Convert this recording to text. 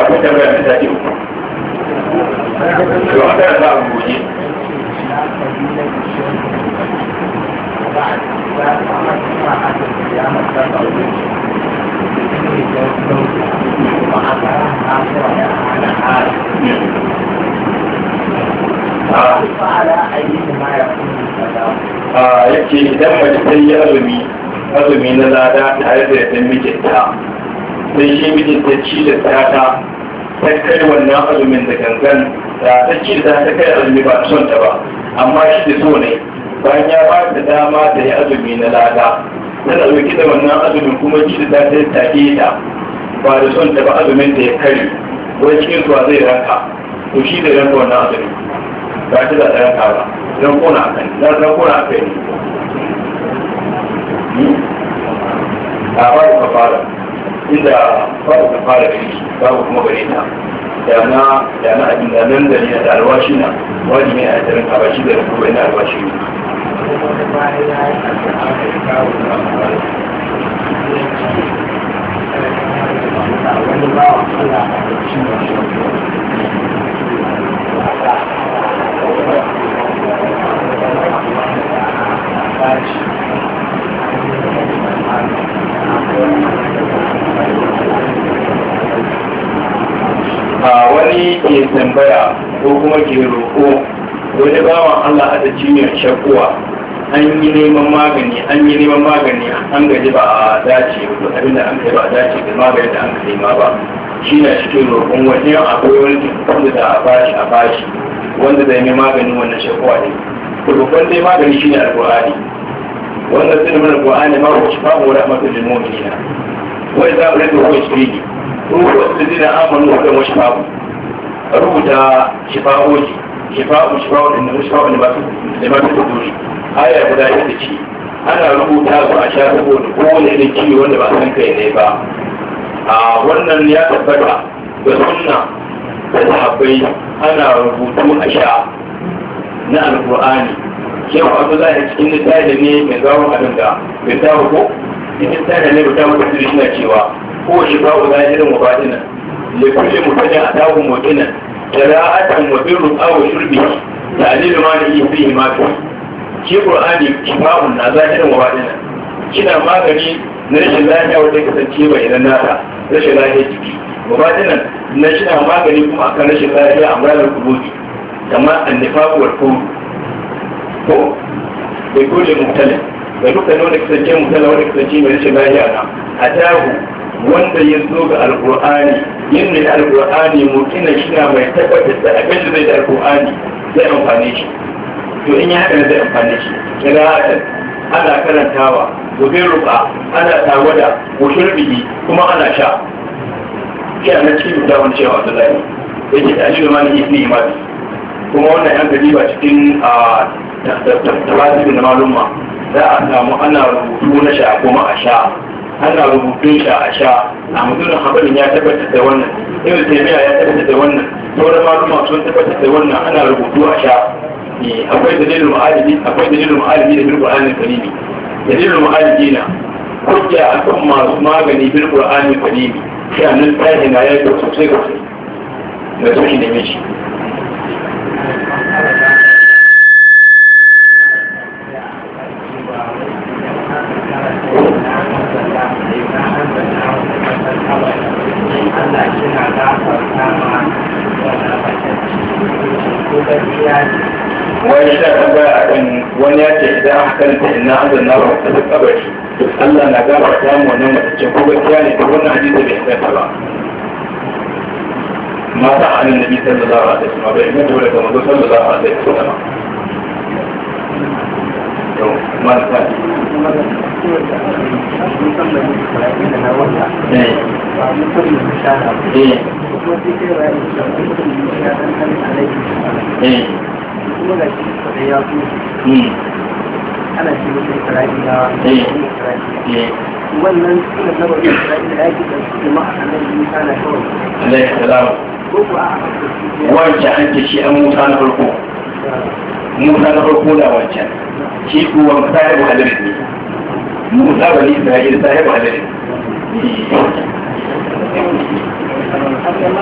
akwai tambaya ta tafi to a kan za a goje a yake idan mace ta yi azumi azumi na lada tare da yadda mijinta sai shi mijin ta ci da tsata ta kai wannan azumin da gangan da ta ci da ta kai azumi ba son ta ba amma shi da so ne bayan ya ba da dama da ya azumi na lada tana ɗauki da wannan azumin kuma ci da ta ta take ta ba da son ta ba azumin da ya kare wani cikin zuwa zai ranka to shi da ranka wannan azumi ba ta za ta ranka ba ran kona a kan ran kona a kai ne a ba da kafara inda babu ta fara shi babu kuma gare ta da na da abin da nan da ne da alwashi na wani ne a tarin abashi da rubuwa na alwashi ne tambaya ko kuma ke roƙo wani bawan Allah a ta jiniyar shakuwa an yi neman magani an yi neman magani an gaji ba a dace abin da an kai ba a dace da magani da an kai ma ba shi na cikin roƙon wani akwai wani wanda da a bashi a bashi wanda zai yi maganin wannan shakuwa ne roƙon dai magani shi ne alƙur'ani wanda sun mana alƙur'ani ma ko shi famu da amatu lil mu'minina wa idza ulatu huwa shiriki ruhu alladhina amanu wa kanu shafaa'u rubuta shifa'oji shifa'o shifa'u din da shifa'u ne ba su ne ba su dori aya guda ita ce ana rubuta su a sha saboda kowane irin ciwo wanda ba san kai ne ba a wannan ya tabbata da sunna da sahabbai ana rubutu a sha na alqur'ani shehu a cikin littafi ne mai zawon abin da bai tawo ko cikin tsarin ne bata mutu da shi na cewa ko shi ba wa zahirin wa batinan lekulli mutajen a tawo mutinan qira'atan wa birrun aw shurbi ta'lil ma da yi fihi ma fi shi qur'ani shifa'un na zahirin wa batina kina magani na rashin lafiya wata kasance bai idan nata rashin lafiya jiki wa batina na kina magani kuma akan rashin lafiya a ranar kubuki kamar annifaqu wal ko bai gode mutane bai duka ne wanda kasance mutane wanda kasance mai rashin lafiya na a atahu wanda ya zo ga alkur'ani yin da alkur'ani mutuna shi na mai tabbatar da abin da zai da alkur'ani zai amfane shi to in ya haɗa zai amfane shi kira ana karantawa gobe ruka ana tawada ko shirbihi kuma ana sha shi ana cikin da wani cewa da zai yake da shi zama ne ne imani kuma wannan yan gari ba cikin tabbatar da malumma za a samu ana rubutu na sha kuma a sha ana rubutun sha a sha a mutum habarin ya tabbatar da wannan ibn taymiya ya tabbatar da wannan sauran maluma sun tabbatar da wannan ana rubutu a sha eh, akwai dalilin mu'alimi akwai dalilin mu'alimi da bil qur'anil karimi dalilin mu'alimi na hujja akan masu magani bil qur'anil karimi sai annabi ta yi na ya ga sosai sosai ga su shi ne mishi wani shi ta ba a kan wani ya ce idan aka kan ta ina an zanna ba ta duk kabari Allah na gaba ta mu wannan matacin ko gaskiya ne da wannan hadisi bai inganta ba mata a nan nabi sallallahu alaihi wasallam bai inganta ba daga manzo sallallahu alaihi wasallam mata Eh. kuma shi kaɗai ya fi hmm. ana ce musu isra'ilawa eh. eh. wannan sunan na bautar isra'ila ya ke ɗauki jama'a a nan yi kana kawai wancan an shi an musa na farko na farko da wancan shi kuwa ne